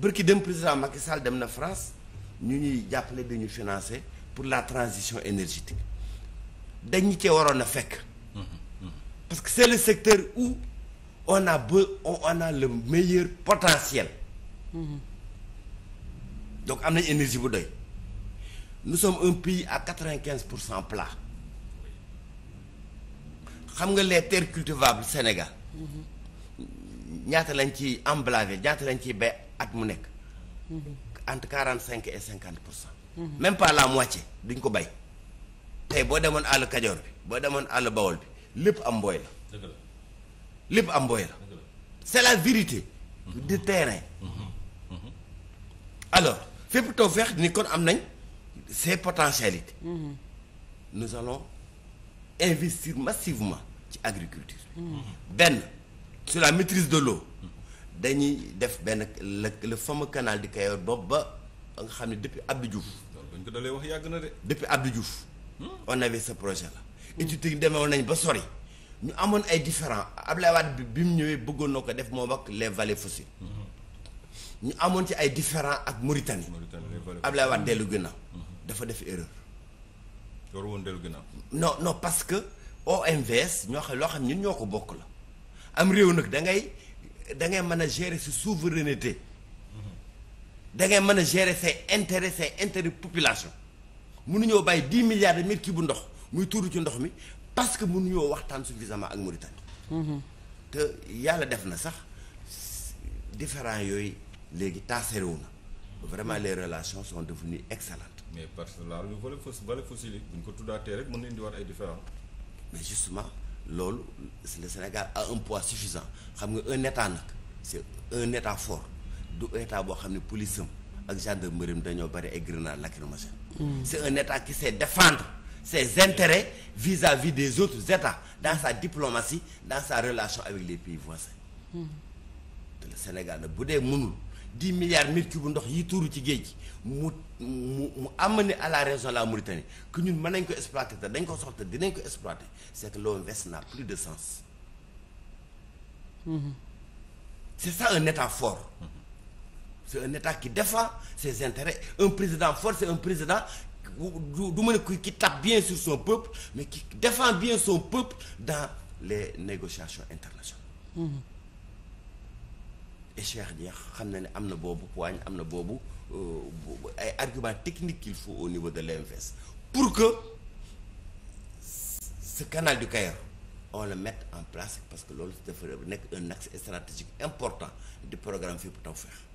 bërki dem président Macky Sall dem na France ñu ñuy jàppale dañu financer pour la transition énergétique dañu cee waroon na fekk parce que c'est le secteur où on a be on a le meilleur potentiel donc am nañ énergie bu doy nous sommes un pays à quatre-vingt-quinze pour cent plat xam nga les terres cultivables Sénégal ñaata lañ ci emblavé ñaata lañ ci bay mu nekk entre quarante cinq et cinquante pour cent même pas la moitié duñ ko bay tey boo demoon àll kajoor bi boo demoon àll bawol bi lépp am mbooy la lépp am mbooy la c'est la vérité du terrain alors fépp taw feex ni kon am nañ ces potentialités nous allons investir massivement ci agriculture mm-hmm. benn sur la maîtrise de l'eau dañuy def benn le le kanaal di du Kayor boobu ba nga xam ne depuis Abdou Diouf. dañ ko dalee wax yàgg na de. depuis Abdou Diouf. Hmm? on avait ce projet la hmm. études yi demewoon nañ ba sori. ñu amoon ay différents Ablaye Wade bi bi mu ñëwee bëggoon na ko def moo ak les vallées fossiles. Hmm. ñu amoon ci ay différent ak Mauritanie. Mauritanie les vallées Ablaye Wade dellu dafa def erreur. loolu woon dellu ginnaaw. non parce que OMVS ñoo xam loo xam ñun ñoo ko bokk la am réew nag da da ngay mën a gérer sa souveraineté da ngay mën a gérer ses intérêts ses intérêts population mënuñoo nu dix milliards de mètres cubes bu ndox muy tuuru ci ndox mi parce que mënuñoo waxtaan suffisamment ak Mauritanie. Mhm. te yàlla def na sax différents yooyu léegi taaserewu na vraiment relation relations sont devenues excellentes. mais parce que là lu volet fossile buñ ko tuddaatee rek mën di indiwaat ay différents. mais justement loolu le Sénégal a un poids suffisant xam nga un état nag c' un état fort du état boo xam ne police am ak gendarmerie dañoo bari ay grenades lacrymogènes. Mm. c' est un état qui sait défendre ses intérêts vis-à-vis des autres états dans sa diplomatie dans sa relation avec les pays voisins. te mm. le Sénégal nag bu dee mënul. dix milliards mètres cubes ndox yi tuuru ci géej gi mu mu mu amener à la région de la Mauritanie que ñun mën nañ ko exploiter dañ koo soxla dinañ ko exploiter c'est que l'OMVS n'a plus de sens. Mmh. c'est ça un État fort. Mmh. c'est un État qui défend ses intérêts un président fort c'est un président du ma ne qui bien sur son peuple mais qui défend bien son peuple dans les négociations internationales. Mm-hmm. Cheikh Dieng xam na ne am na boobu poigne am na boobu euh, ay arguments techniques qu'il faut au niveau de l'EMFS pour que ce canal du Caire on le en place parce que loolu bu nekk un axe stratégique important du programme Fippu Tawfekh